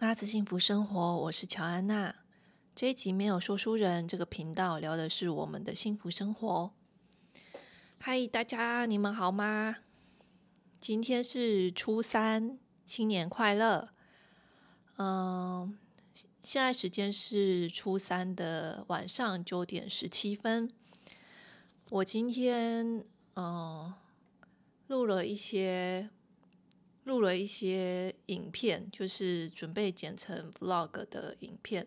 拉茲幸福生活，我是喬安娜。這一集沒有說書人，這個頻道聊的是我們的幸福生活。嗨，大家，你們好嗎？今天是初三，新年快樂。嗯，現在時間是初三的晚上九點十七分。我今天嗯，錄了一些。錄了一些影片，就是準備剪成 vlog 的影片。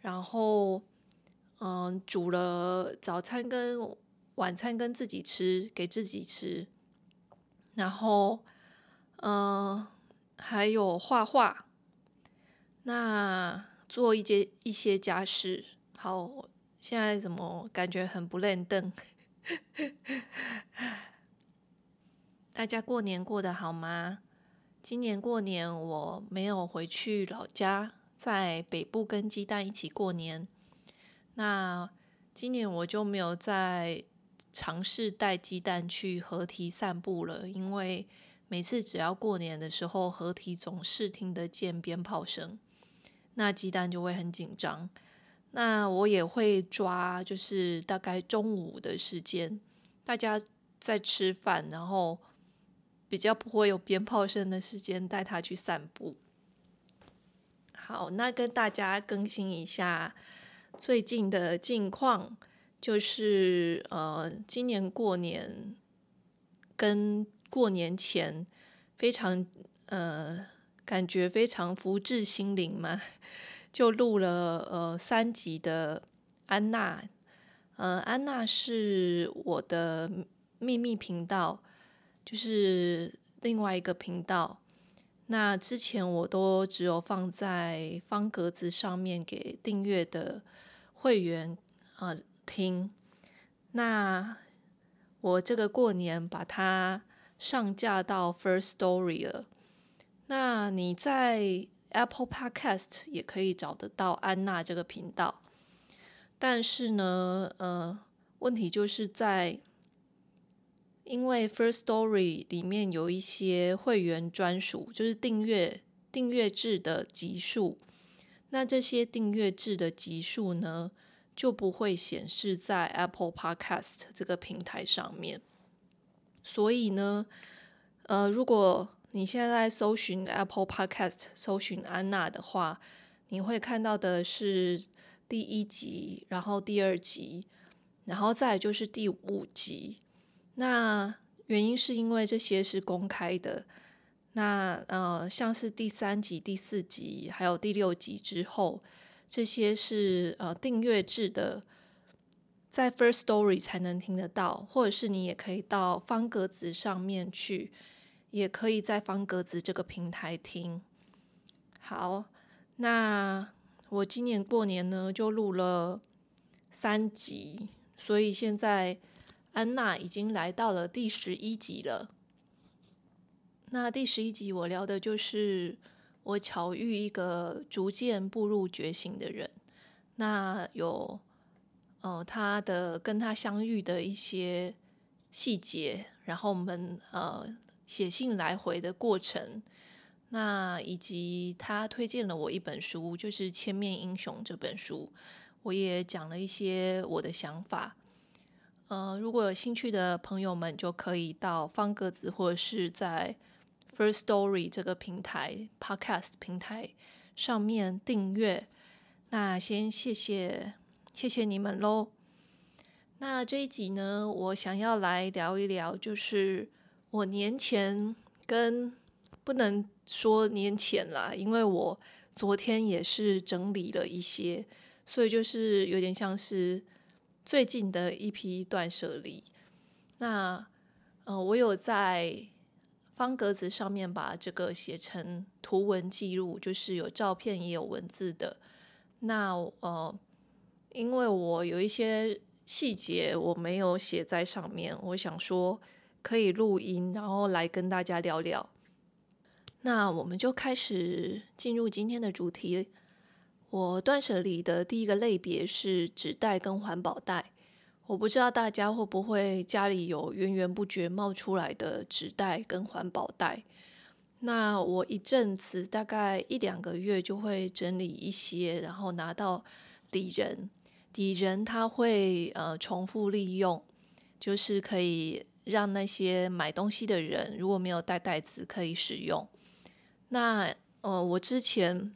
然後，嗯，煮了早餐跟晚餐跟自己吃，給自己吃。然後，嗯，還有畫畫。那做一些一些家事。好，現在怎麼感覺很不認真？大家過年過得好嗎？今年過年我沒有回去老家，在北部跟雞蛋一起過年。那今年我就沒有再嘗試帶雞蛋去河堤散步了，因為每次只要過年的時候，河堤總是聽得見鞭炮聲，那雞蛋就會很緊張。那我也會抓，就是大概中午的時間，大家在吃飯，然後，比較不會有鞭炮聲的時間，帶他去散步。好，那跟大家更新一下最近的近況，就是呃，今年過年跟過年前非常呃，感覺非常福至心靈嘛，就錄了呃三集的安納。嗯、呃，安納是我的秘密頻道。就是另外一個頻道，那之前我都只有放在方格子上面給訂閱的會員啊、呃、聽，那我這個過年把它上架到 Firstory 了，那你在 Apple Podcast 也可以找得到安納這個頻道，但是呢，呃，問題就是在。因為 First Story 裡面有一些會員專屬，就是訂閱訂閱制的集數，那這些訂閱制的集數呢，就不會顯示在 Apple Podcast 這個平台上面。所以呢，呃，如果你現在搜尋 Apple Podcast 搜尋安娜的話，你會看到的是第一集，然後第二集，然後再就是第五集。那原因是因為這些是公開的。那呃，像是第三集、第四集，還有第六集之後，這些是呃訂閱制的，在 Firstory 才能聽得到，或者是你也可以到方格子上面去，也可以在方格子這個平台聽。好，那我今年過年呢就錄了三集，所以現在。安娜已經來到了第十一集了。那第十一集我聊的就是我巧遇一個逐漸步入覺醒的人。那有，哦、呃，他的跟他相遇的一些細節，然後我們呃寫信來回的過程，那以及他推薦了我一本書，就是《千面英雄》這本書，我也講了一些我的想法。嗯、呃，如果有興趣的朋友們，就可以到方格子或者是在 First Story 這個平台，Podcast 平台上面訂閱。那先謝謝謝謝你們嘍。那這一集呢，我想要來聊一聊，就是我年前跟不能說年前啦，因為我昨天也是整理了一些，所以就是有點像是。最近的一批斷捨離，那呃，我有在方格子上面把這個寫成圖文記錄，就是有照片也有文字的。那呃，因為我有一些細節我沒有寫在上面，我想說可以錄音，然後來跟大家聊聊。那我們就開始進入今天的主題。我斷捨離的第一個類別是紙袋跟環保袋。我不知道大家會不會家裡有源源不絕冒出來的紙袋跟環保袋。那我一陣子，大概一兩個月就會整理一些，然後拿到里仁里仁，他會呃重複利用，就是可以讓那些買東西的人如果沒有帶袋子可以使用。那呃，我之前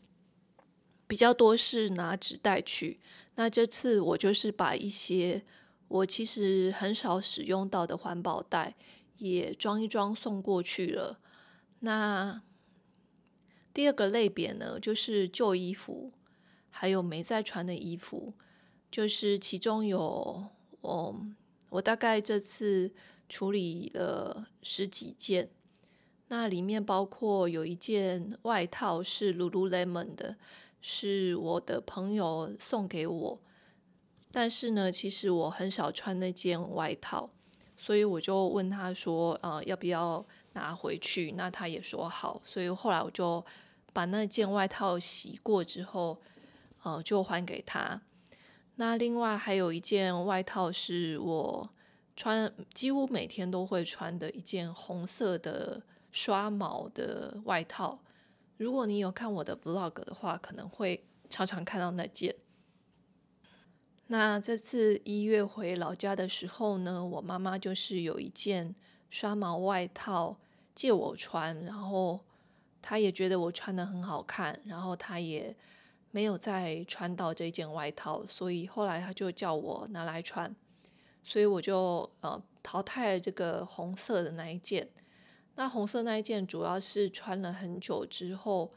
比較多是拿紙袋去，那這次我就是把一些我其實很少使用到的環保袋也裝一裝送過去了。那第二個類別呢，就是舊衣服，還有沒再穿的衣服，就是其中有我，我大概這次處理了十幾件，那裡面包括有一件外套是 Lululemon 的。是我的朋友送給我，但是呢，其實我很少穿那件外套，所以我就問他說：“呃，要不要拿回去？”那他也說好，所以後來我就把那件外套洗過之後，呃，就還給他。那另外還有一件外套是我穿，幾乎每天都會穿的一件紅色的刷毛的外套。如果你有看我的 Vlog 的話，可能會常常看到那件。那這次一月回老家的時候呢，我媽媽就是有一件刷毛外套借我穿，然後她也覺得我穿的很好看，然後她也沒有再穿到這件外套，所以後來她就叫我拿來穿，所以我就呃淘汰了這個紅色的那一件。那紅色那一件主要是穿了很久之後，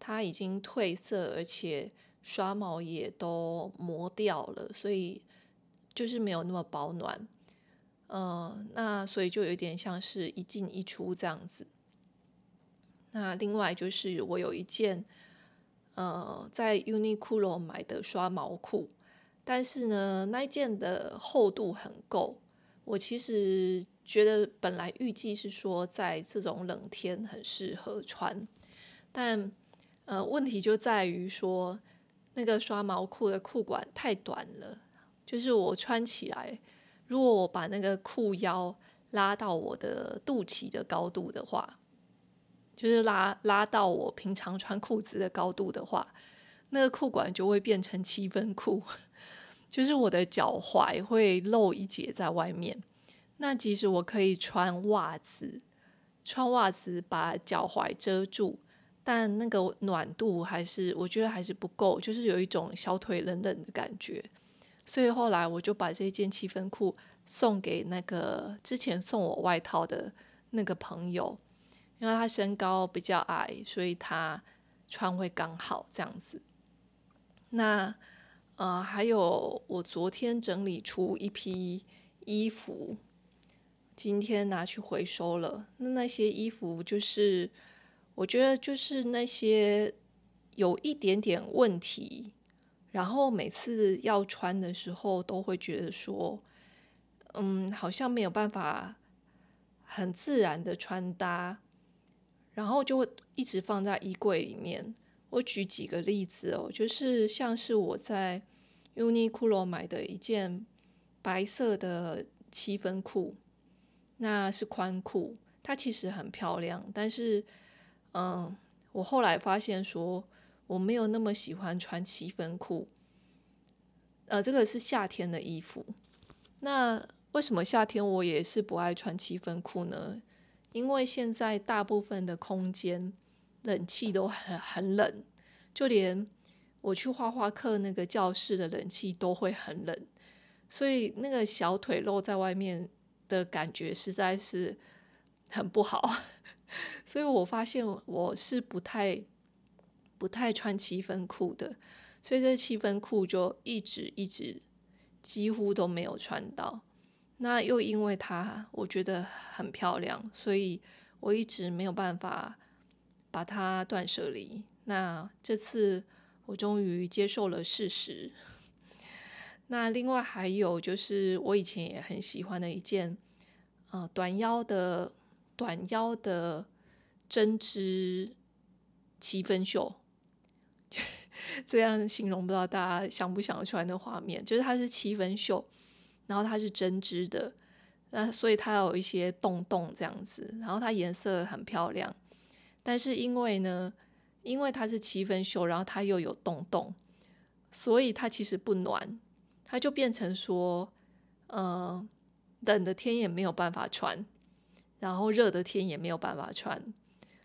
它已經褪色，而且刷毛也都磨掉了，所以就是沒有那麼保暖。嗯、呃，那所以就有點像是一進一出這樣子。那另外就是我有一件，呃，在 Uniqlo 買的刷毛褲，但是呢，那一件的厚度很夠，我其實，覺得本來預計是說在這種冷天很適合穿，但呃，問題就在於說那個刷毛褲的褲管太短了，就是我穿起來，如果我把那個褲腰拉到我的肚臍的高度的話，就是拉，拉到我平常穿褲子的高度的話，那個褲管就會變成七分褲，就是我的腳踝會露一截在外面。那其實我可以穿襪子，穿襪子把腳踝遮住，但那個暖度還是我覺得還是不夠，就是有一種小腿冷冷的感覺。所以後來我就把這件七分褲送給那個之前送我外套的那個朋友，因為他身高比較矮，所以他穿會剛好這樣子。那呃，還有我昨天整理出一批衣服。今天拿去回收了。那那些衣服就是，我覺得就是那些有一點點問題，然後每次要穿的時候都會覺得說，嗯，好像沒有辦法很自然的穿搭，然後就會一直放在衣櫃裡面。我舉幾個例子哦,就是像是我在 Uniqlo 買的一件白色的七分褲。那是寬褲，它其實很漂亮，但是，嗯，我後來發現說我沒有那麼喜歡穿七分褲。呃，這個是夏天的衣服。那為什麼夏天我也是不愛穿七分褲呢？因為現在大部分的空間冷氣都很很冷，就連我去畫畫課那個教室的冷氣都會很冷，所以那個小腿露在外面的感覺實在是很不好，所以我發現我是不太不太穿七分褲的，所以這七分褲就一直一直幾乎都沒有穿到。那又因為它我覺得很漂亮，所以我一直沒有辦法把它斷捨離。那這次我終於接受了事實。那另外還有就是，我以前也很喜歡的一件，呃，短腰的短腰的針織七分袖。 這樣形容不知道大家想不想穿的畫面，就是它是七分袖，然後它是針織的，那所以它有一些洞洞這樣子，然後它顏色很漂亮，但是因為呢，因為它是七分袖，然後它又有洞洞，所以它其實不暖。它就變成說，呃，冷的天也沒有辦法穿，然後熱的天也沒有辦法穿，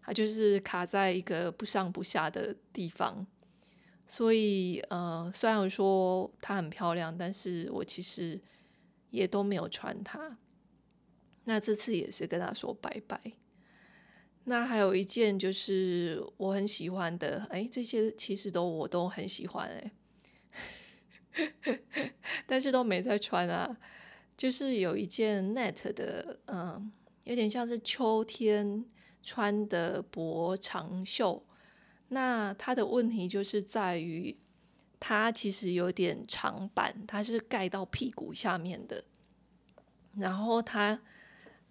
它就是卡在一個不上不下的地方。所以，呃，雖然說它很漂亮，但是我其實也都沒有穿它。那這次也是跟它說拜拜。那還有一件就是我很喜歡的，哎、欸，這些其實都，我都很喜歡、欸，哎。 但是都沒在穿啊，就是有一件 net 的，嗯，有點像是秋天穿的薄長袖。那它的問題就是在於，它其實有點長版，它是蓋到屁股下面的。然後它，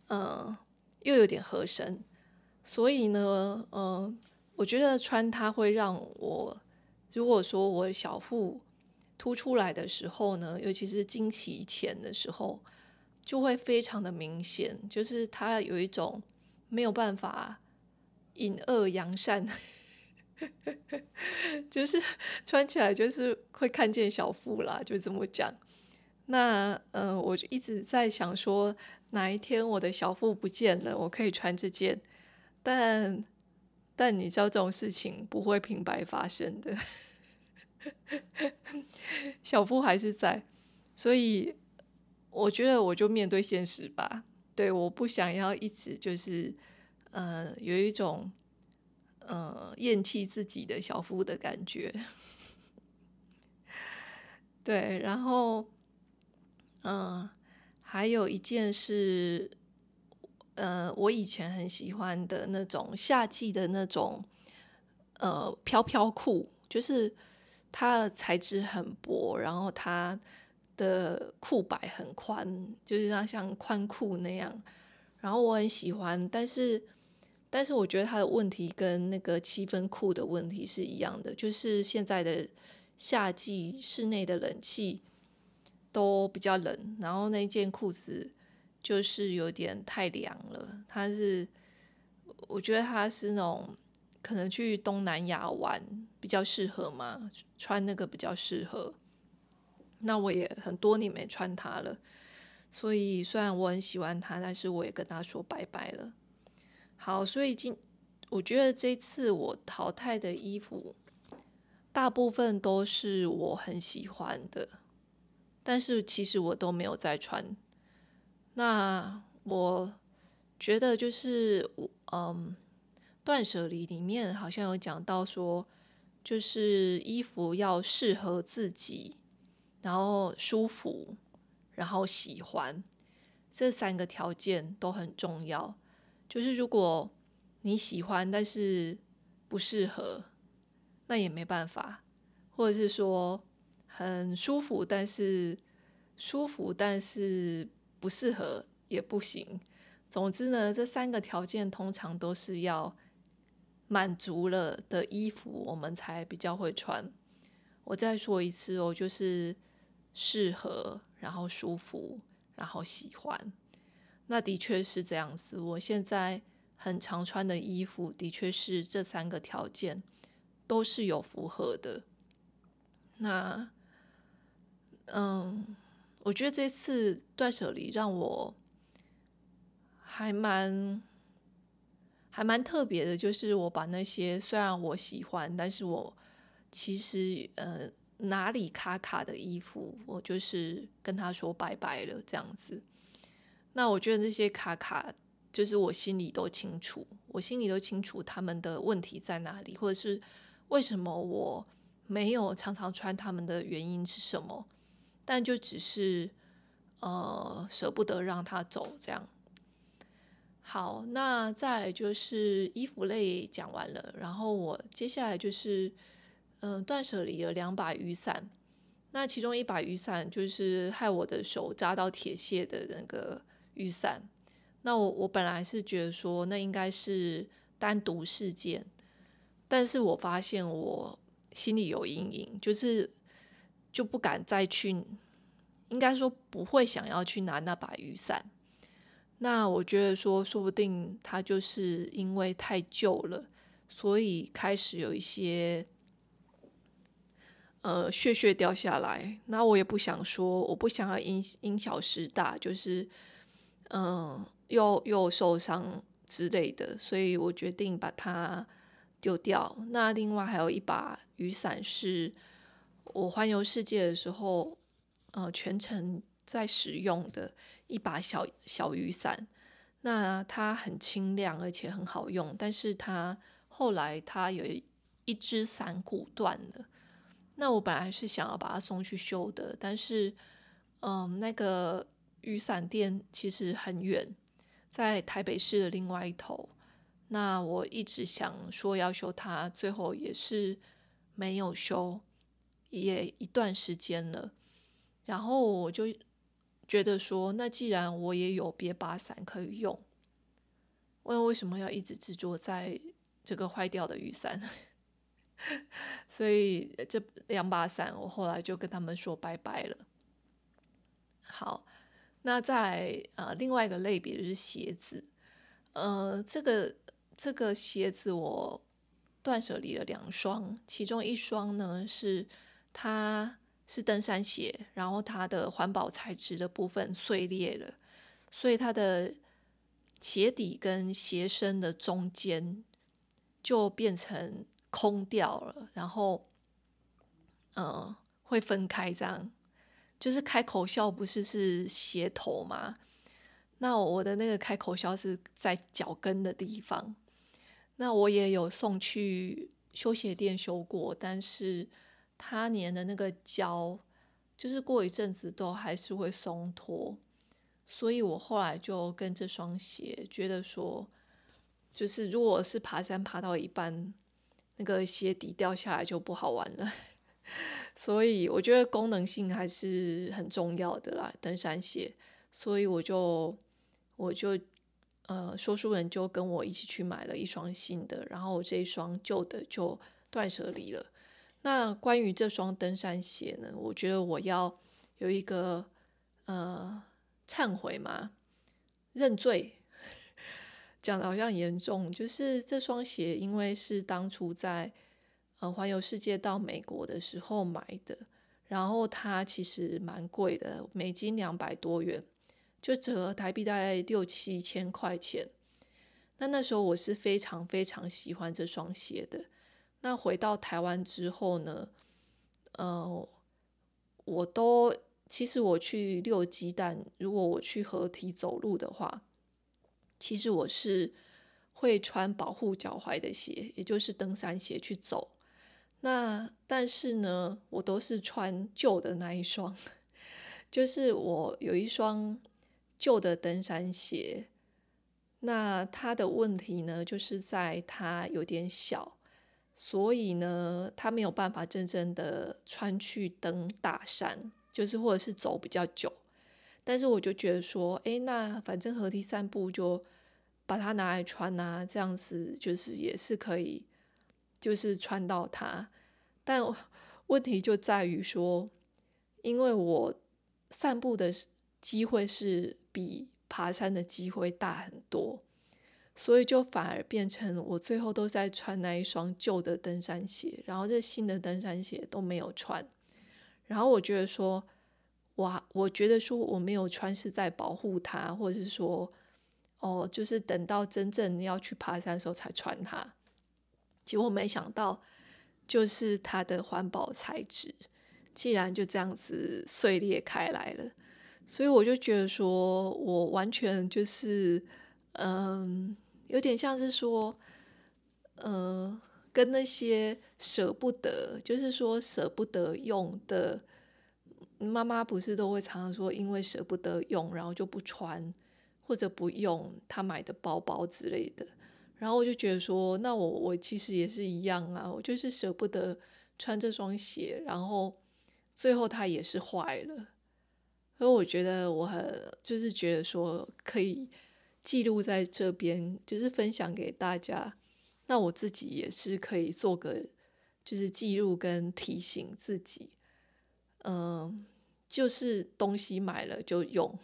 嗯，又有點合身，所以呢，嗯，我覺得穿它會讓我，如果說我小腹，突出來的時候呢，尤其是經期前的時候，就會非常的明顯，就是它有一種沒有辦法隱惡揚善， 就是穿起來就是會看見小腹啦，就這麼講。那嗯、呃，我就一直在想說，哪一天我的小腹不見了，我可以穿這件，但但你知道這種事情不會平白發生的。 小腹還是在，所以我覺得我就面對現實吧。對，我不想要一直就是，呃，有一種呃厭棄自己的小腹的感覺。 對，然後，嗯、呃，還有一件事，呃，我以前很喜歡的那種夏季的那種，呃，飄飄褲，就是。它的材質很薄，然後它的褲擺很寬，就是它像寬褲那樣。然後我很喜歡，但是但是我覺得它的問題跟那個七分褲的問題是一樣的，就是現在的夏季室內的冷氣都比較冷，然後那件褲子就是有點太涼了。它是，我覺得它是那種。可能去東南亞玩比較適合嘛，穿那個比較適合。那我也很多年沒穿它了，所以雖然我很喜歡它，但是我也跟它說拜拜了。好，所以今我覺得這次我淘汰的衣服，大部分都是我很喜歡的，但是其實我都沒有再穿。那我覺得就是我嗯。斷捨離裡面好像有講到說，就是衣服要適合自己，然後舒服，然後喜歡，這三個條件都很重要。就是如果你喜歡但是不適合，那也沒辦法；或者是說很舒服但是舒服但是不適合也不行。總之呢，這三個條件通常都是要。滿足了的衣服，我們才比較會穿。我再說一次哦，就是適合，然後舒服，然後喜歡，那的確是這樣子。我現在很常穿的衣服，的確是這三個條件都是有符合的。那，嗯，我覺得這次斷捨離讓我還蠻。還蠻特別的，就是我把那些雖然我喜歡，但是我其實呃哪裡卡卡的衣服，我就是跟他說拜拜了這樣子。那我覺得那些卡卡，就是我心裡都清楚，我心裡都清楚他們的問題在哪裡，或者是為什麼我沒有常常穿他們的原因是什麼，但就只是呃捨不得讓他走這樣。好，那再就是衣服類講完了，然後我接下來就是，嗯，斷捨離有兩把雨傘，那其中一把雨傘就是害我的手扎到鐵屑的那個雨傘，那我我本來是覺得說那應該是單獨事件，但是我發現我心裡有陰影，就是就不敢再去，應該說不會想要去拿那把雨傘。那我覺得說，說不定它就是因為太舊了，所以開始有一些，呃，屑屑掉下來。那我也不想說，我不想要因因小失大，就是，嗯、呃，又又受傷之類的，所以我決定把它丟掉。那另外還有一把雨傘，是我環遊世界的時候，呃，全程在使用的。一把小小雨傘，那它很輕量，而且很好用。但是它後來它有一,一支傘骨斷了。那我本來是想要把它送去修的，但是嗯，那個雨傘店其實很遠，在台北市的另外一頭。那我一直想說要修它，最後也是沒有修，也一段時間了。然後我就。覺得說，那既然我也有別把傘可以用，我為什麼要一直執着在這個壞掉的雨傘？ 所以這兩把傘，我後來就跟他們說拜拜了。好，那在啊、呃，另外一個類別就是鞋子，呃，這個這個鞋子我斷舍離了兩雙，其中一雙呢是它。是登山鞋，然後它的環保材質的部分碎裂了，所以它的鞋底跟鞋身的中間就變成空掉了，然後嗯，會分開這樣。就是開口笑，不是是鞋頭嗎？那我的那個開口笑是在腳跟的地方。那我也有送去修鞋店修過，但是。它粘的那個膠，就是過一陣子都還是會鬆脫，所以我後來就跟這雙鞋覺得說，就是如果是爬山爬到一半，那個鞋底掉下來就不好玩了， 所以我覺得功能性還是很重要的啦，登山鞋。所以我就我就呃，說書人就跟我一起去買了一雙新的，然後我這一雙舊的就斷捨離了。那關於這雙登山鞋呢？我覺得我要有一個呃懺悔嘛，認罪， 講的好像很嚴重。就是這雙鞋，因為是當初在呃環遊世界到美國的時候買的，然後它其實蠻貴的，美金兩百多元，就折合台幣大概六七千塊錢。那那時候我是非常非常喜歡這雙鞋的。那回到台灣之後呢，呃，我都，其實我去遛雞蛋，如果我去河堤走路的話，其實我是會穿保護腳踝的鞋，也就是登山鞋去走。那但是呢，我都是穿舊的那一雙，就是我有一雙舊的登山鞋。那它的問題呢，就是在它有點小。所以呢，他沒有辦法真正的穿去登大山，就是或者是走比較久。但是我就覺得說，哎、欸，那反正河堤散步就把它拿來穿啊，這樣子就是也是可以，就是穿到它。但問題就在於說，因為我散步的機會是比爬山的機會大很多。所以就反而變成我最後都在穿那一雙舊的登山鞋，然後這新的登山鞋都沒有穿。然後我覺得說，哇，我覺得說我沒有穿是在保護它，或者是說，哦，就是等到真正要去爬山的時候才穿它。結果沒想到，就是它的環保材質，竟然就這樣子碎裂開來了，所以我就覺得說我完全就是，嗯。有點像是說，嗯、呃，跟那些捨不得，就是說捨不得用的媽媽，不是都會常常說，因為捨不得用，然後就不穿或者不用她買的包包之類的。然後我就覺得說，那我我其實也是一樣啊，我就是捨不得穿這雙鞋，然後最後它也是壞了。所以我覺得我很，就是覺得說可以。記錄在這邊，就是分享給大家。那我自己也是可以做個，就是記錄跟提醒自己。嗯，就是東西買了就用，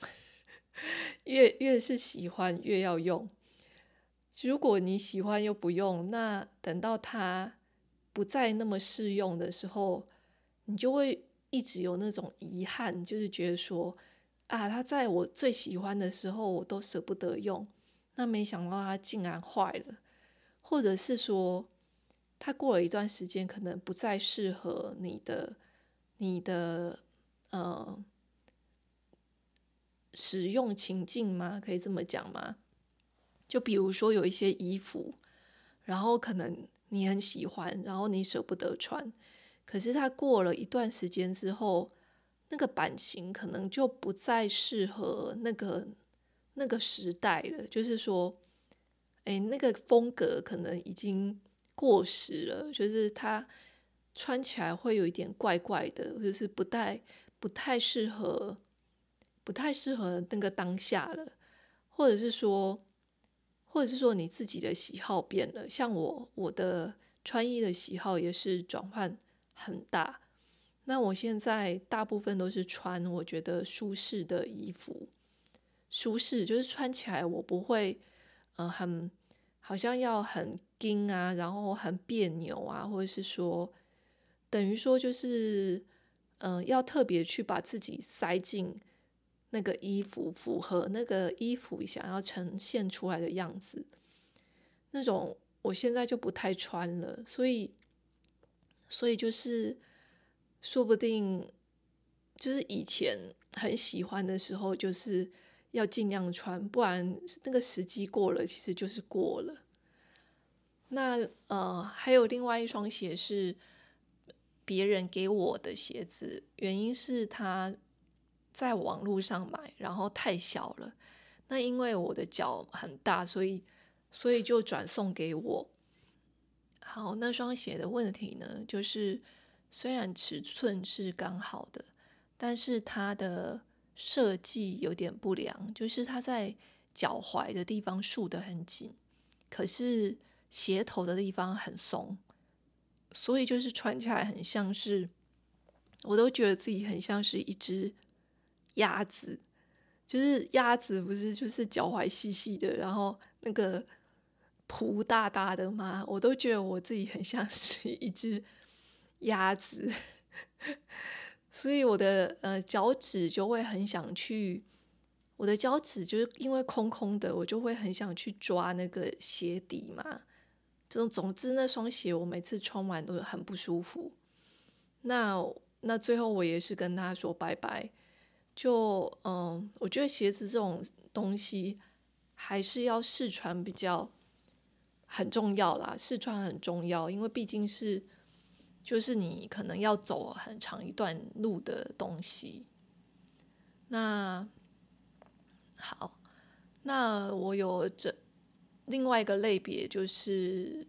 越越是喜歡越要用。如果你喜歡又不用，那等到它不再那麼適用的時候，你就會一直有那種遺憾，就是覺得說。啊，它在我最喜歡的時候，我都捨不得用。那沒想到它竟然壞了，或者是說，它過了一段時間，可能不再適合你的、你的呃使用情境嗎？可以這麼講嗎？就比如說有一些衣服，然後可能你很喜歡，然後你捨不得穿，可是它過了一段時間之後。那個版型可能就不再適合那個那個時代了，就是說，欸，那個風格可能已經過時了，就是它穿起來會有一點怪怪的，就是不太不太適合，不太適合那個當下了，或者是說，或者是說你自己的喜好變了，像我我的穿衣的喜好也是轉換很大。那我現在大部分都是穿我覺得舒適的衣服，舒適就是穿起來我不會，嗯、呃，很好像要很緊啊，然後很別扭啊，或者是說等於說就是，嗯、呃，要特別去把自己塞進那個衣服，符合那個衣服想要呈現出來的樣子，那種我現在就不太穿了，所以，所以就是。說不定就是以前很喜歡的時候，就是要盡量穿，不然那個時機過了，其實就是過了。那呃，還有另外一雙鞋是別人給我的鞋子，原因是他在網絡上買，然後太小了。那因為我的腳很大，所以所以就轉送給我。好，那雙鞋的問題呢，就是。雖然尺寸是剛好的，但是它的設計有點不良，就是它在腳踝的地方束得很緊，可是鞋頭的地方很鬆，所以就是穿起來很像是，我都覺得自己很像是一隻鴨子，就是鴨子不是就是腳踝細細的，然後那個蹼大大的嗎？我都覺得我自己很像是一隻。鴨子，所以我的呃腳趾就會很想去，我的腳趾就是因為空空的，我就會很想去抓那個鞋底嘛。這種總之那雙鞋我每次穿完都很不舒服。那那最後我也是跟他說拜拜，就嗯，我覺得鞋子這種東西還是要試穿比較很重要啦，試穿很重要，因為畢竟是。就是你可能要走很長一段路的東西。那好，那我有這另外一個類別，就是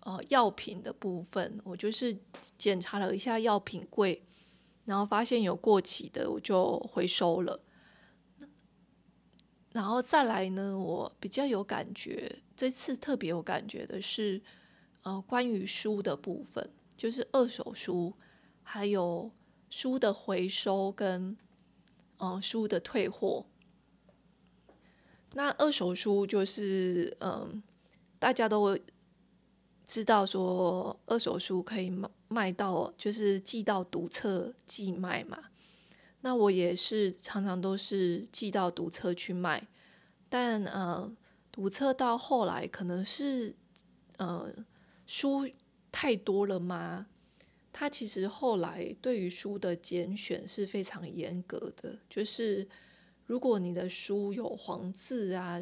呃藥品的部分。我就是檢查了一下藥品櫃，然後發現有過期的，我就回收了。然後再來呢，我比較有感覺，這次特別有感覺的是，呃，關於書的部分。就是二手書，還有書的回收跟嗯書的退貨。那二手書就是嗯大家都知道說二手書可以賣，賣到就是寄到讀冊寄賣嘛。那我也是常常都是寄到讀冊去賣，但呃、嗯、讀冊到後來可能是呃、嗯、書。太多了嗎？他其實後來對於書的揀選是非常嚴格的，就是如果你的書有黃字啊，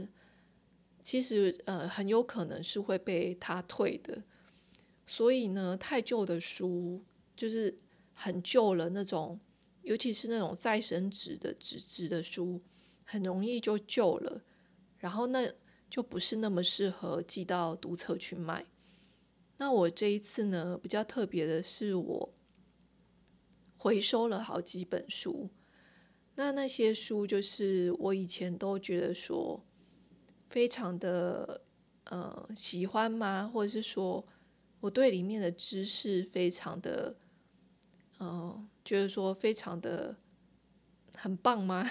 其實呃很有可能是會被他退的。所以呢，太舊的書就是很舊了那種，尤其是那種再生紙的紙質的書，很容易就舊了，然後那就不是那麼適合寄到讀冊去賣。那我這一次呢，比較特別的是，我回收了好幾本書。那那些書就是我以前都覺得說非常的呃喜歡嗎？或者是說我對裡面的知識非常的，呃就是說非常的很棒嗎？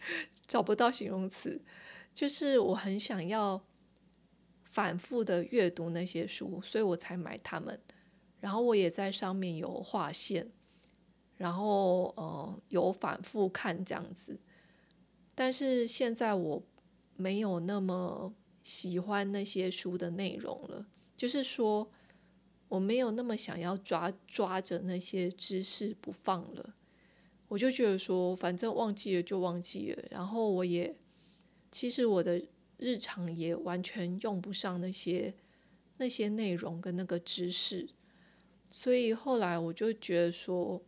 找不到形容詞，就是我很想要。反覆的閱讀那些書，所以我才買他們。然後我也在上面有劃線，然後呃有反覆看這樣子。但是現在我沒有那麼喜歡那些書的內容了，就是說我沒有那麼想要抓抓着那些知識不放了。我就覺得說，反正忘記了就忘記了。然後我也其實我的。日常也完全用不上那些那些內容跟那個知識，所以後來我就覺得說，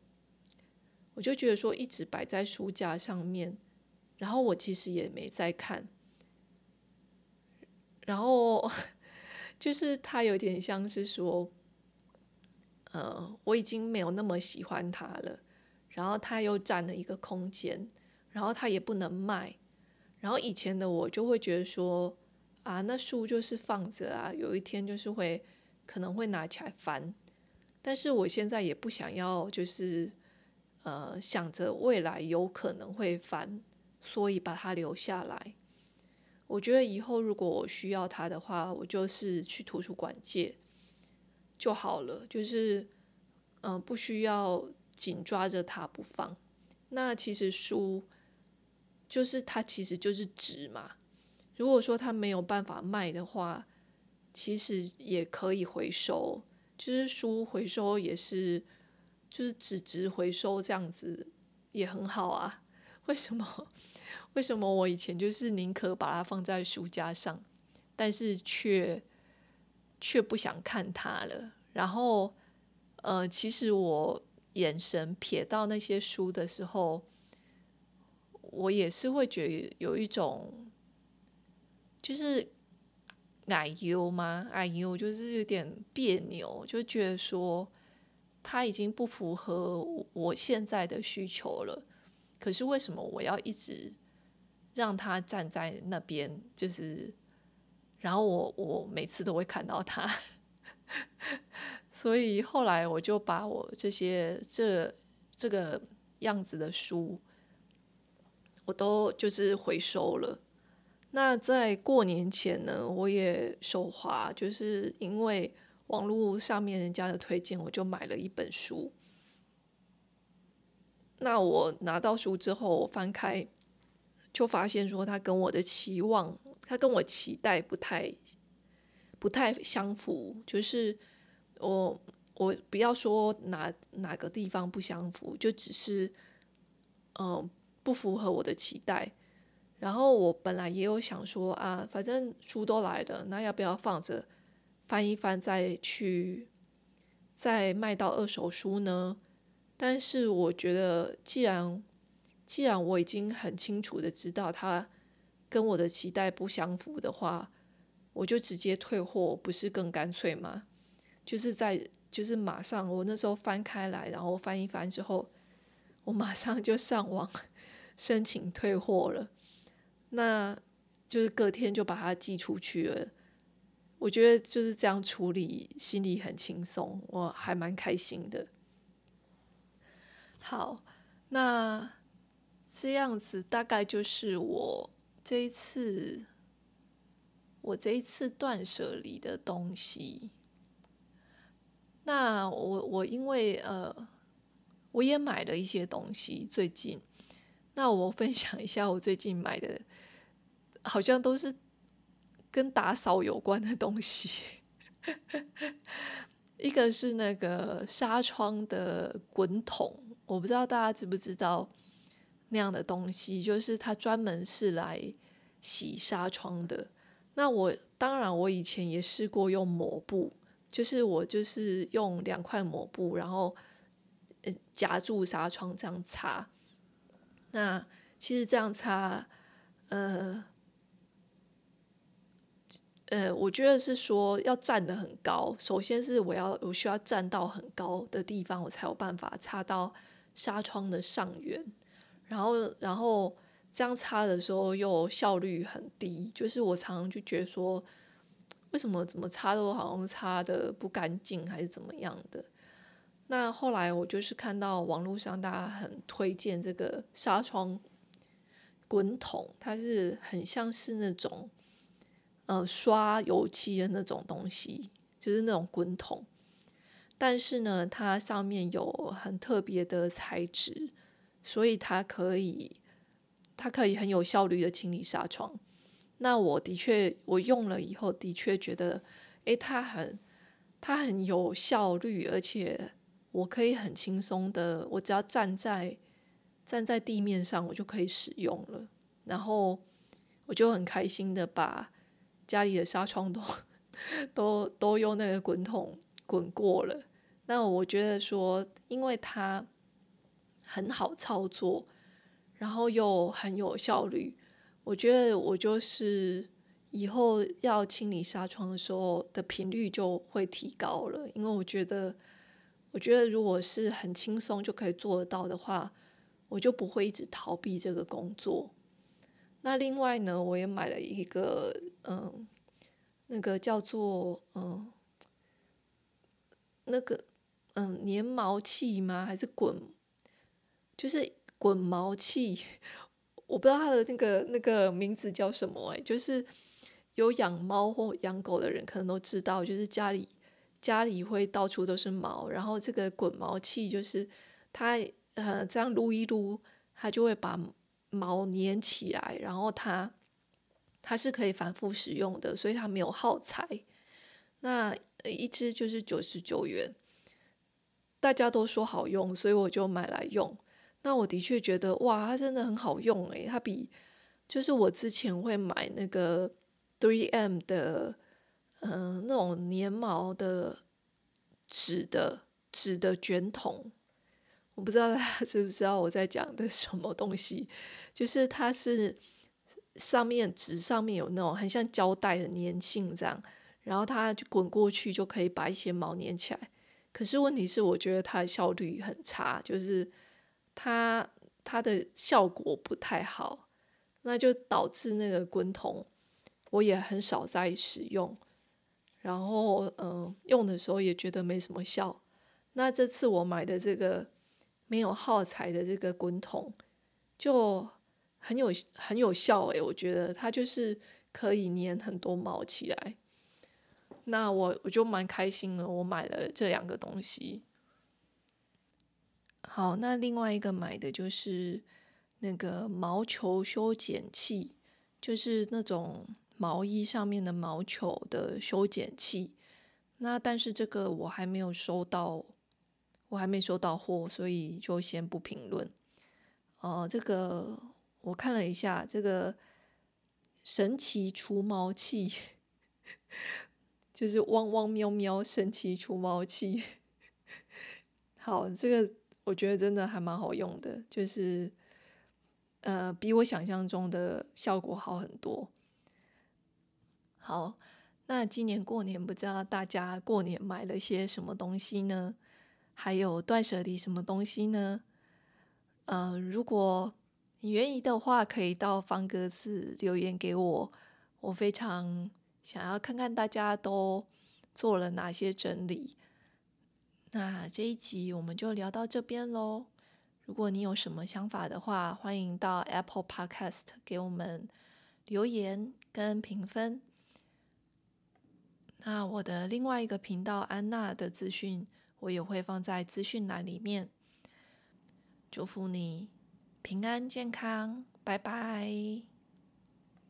我就覺得說一直擺在書架上面，然後我其實也沒在看，然後就是他有點像是說，呃，我已經沒有那麼喜歡他了，然後他又佔了一個空間，然後他也不能賣。然後以前的我就會覺得說，啊，那書就是放着啊，有一天就是會可能會拿起來翻。但是我現在也不想要，就是呃想着未來有可能會翻，所以把它留下來。我覺得以後如果我需要它的話，我就是去圖書館借就好了，就是嗯、呃、不需要緊抓着它不放。那其實書。就是它其實就是紙嘛。如果說它沒有辦法賣的話，其實也可以回收，就是書回收也是，就是紙紙回收這樣子也很好啊。為什麼？為什麼我以前就是寧可把它放在書架上，但是卻卻不想看它了？然後，呃，其實我眼神瞥到那些書的時候。我也是會覺得有一種，就是礙虐嗎？礙虐就是有點別扭，就覺得說他已經不符合我現在的需求了。可是為什麼我要一直讓他站在那邊？就是，然後我我每次都會看到他， 所以後來我就把我這些這這個樣子的書。我都就是回收了。那在過年前呢，我也手滑，就是因為網絡上面人家的推薦，我就買了一本書。那我拿到書之後，我翻開就發現說，它跟我的期望，它跟我期待不太、不太相符。就是我，我不要說哪哪個地方不相符，就只是嗯。不符合我的期待，然後我本來也有想說啊，反正書都來了，那要不要放着翻一翻，再去再賣到二手書呢？但是我覺得，既然既然我已經很清楚的知道它跟我的期待不相符的話，我就直接退貨，不是更乾脆嗎？就是在就是馬上，我那時候翻開來，然後翻一翻之後，我馬上就上網。申請退貨了，那就是隔天就把它寄出去了。我覺得就是這樣處理，心裡很輕鬆，我還蠻開心的。好，那這樣子大概就是我這一次，我這一次斷捨離的東西。那我我因為呃，我也買了一些東西最近。那我分享一下我最近買的，好像都是跟打掃有關的東西。 一個是那個紗窗的滾筒，我不知道大家知不知道那樣的東西，就是它專門是來洗紗窗的。那我當然我以前也試過用抹布，就是我就是用兩塊抹布，然後夾住紗窗這樣擦。那其實這樣擦，呃，呃，我覺得是說要站得很高。首先是我要我需要站到很高的地方，我才有辦法擦到紗窗的上緣。然後，然後這樣擦的時候又效率很低，就是我常常就覺得說，為什麼怎麼擦都好像擦的不乾淨，還是怎麼樣的。那後來我就是看到網絡上大家很推薦這個紗窗滾筒，它是很像是那種呃刷油漆的那種東西，就是那種滾筒，但是呢，它上面有很特別的材質，所以它可以它可以很有效率的清理紗窗。那我的確我用了以後，的確覺得，誒，它很它很有效率，而且。我可以很輕鬆的，我只要站在站在地面上，我就可以使用了。然後我就很開心的把家裡的紗窗都都都用那個滾筒滾過了。那我覺得說，因為它很好操作，然後又很有效率，我覺得我就是以後要清理紗窗的時候的頻率就會提高了，因為我覺得。我覺得如果是很輕鬆就可以做得到的話，我就不會一直逃避這個工作。那另外呢，我也買了一個，嗯，那個叫做嗯，那個嗯，粘毛器嗎？還是滾，就是滾毛器？我不知道它的那個那個名字叫什麼欸，就是有養貓或養狗的人可能都知道，就是家裡。家裡會到處都是毛，然後這個滾毛器就是它，呃，這樣擼一擼，它就會把毛粘起來，然後它它是可以反復使用的，所以它沒有耗材。那一支就是九十九元，大家都說好用，所以我就買來用。那我的確覺得哇，它真的很好用誒，它比就是我之前會買那個 3M 的。嗯、呃，那種粘毛的紙的紙的，紙的卷筒，我不知道大家知不知道我在講的什麼東西。就是它是上面紙上面有那種很像膠帶的粘性這樣，然後它就滾過去就可以把一些毛粘起來。可是問題是，我覺得它的效率很差，就是它它的效果不太好，那就導致那個滾筒我也很少在使用。然後，嗯，用的時候也覺得沒什麼效。那這次我買的這個沒有耗材的這個滾筒，就很有很有效哎，我覺得它就是可以粘很多毛起來，那我我就蠻開心了，我買了這兩個東西。好，那另外一個買的就是那個毛球修剪器，就是那種。毛衣上面的毛球的修剪器，那但是這個我還沒有收到，我還沒收到貨，所以就先不評論。哦，這個我看了一下，這個神奇除毛器，就是汪汪喵喵神奇除毛器。好，這個我覺得真的還蠻好用的，就是呃，比我想象中的效果好很多。好，那今年過年不知道大家過年買了些什麼東西呢？還有斷捨離什麼東西呢？嗯、呃，如果你願意的話，可以到方格子留言給我，我非常想要看看大家都做了哪些整理。那這一集我們就聊到這邊嘍。如果你有什麼想法的話，歡迎到 Apple Podcast 給我們留言跟評分。那我的另外一個頻道安納的資訊，我也會放在資訊欄裡面。祝福你平安健康，拜拜。